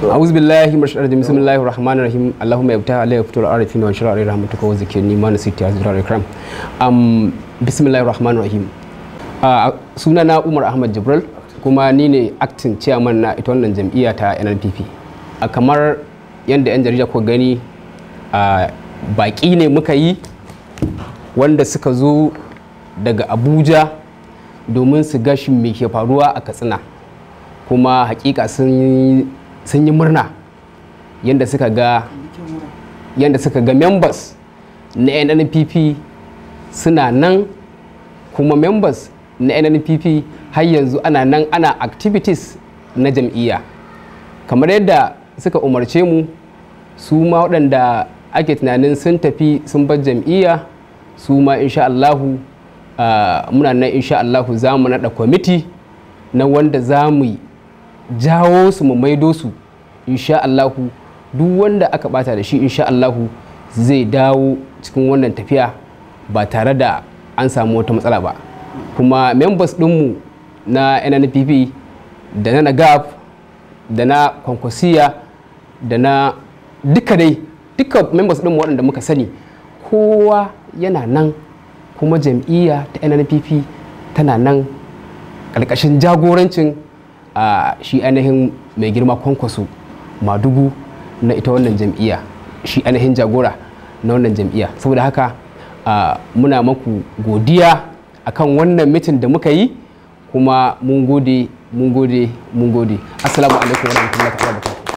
أعوذ بالله من الشر الرجيم بسم الله الرحمن الرحيم اللهم ابتع عليك فتور العارفين وانشر عليه رحمتك وزكيني ما نسيت يا زكريا الكرام أم بسم الله الرحمن الرحيم sunana Umar Ahmad Jibril kuma ni ne acting chairman na ita wannan jam'iyya ta NNPP a kamar yadda 'yan jarida kuka gani a ah, baƙi ne muka yi wanda suka zo daga Abuja domin su gashin me ke faruwa a Katsina kuma hakika sun sun yi murna yadda suka ga yadda suka ga members na nnpp suna nan kuma members na nnpp har yanzu ana nan ana activities na jam'iyya kamar yadda suka umarce mu su ma waɗanda ake tunanin sun tafi sun bar jam'iyya su ma insha Allahu ah, muna nan insha Allahu za mu naɗa kwamiti na wanda za mu yi jawo su mu maido su insha Allahu duk wanda aka bata da shi insha Allahu zai dawo cikin wannan tafiya ba tare da an samu wata matsala ba kuma members ɗinmu na nnpp da na nagap da na kwankwasiya da na duka dai duka members ɗinmu waɗanda muka sani kowa yana nan kuma jam'iyya ta nnpp tana nan ƙarƙashin jagorancin a shi ainihin mai girma kwankwaso madugu na ita wannan jam'iyya shi ainihin jagora na wannan jam'iyya saboda haka muna maku godiya akan wannan mitin da muka yi kuma mun gode mun gode mun gode assalamu alaikum warahmatullahi wabarakatuh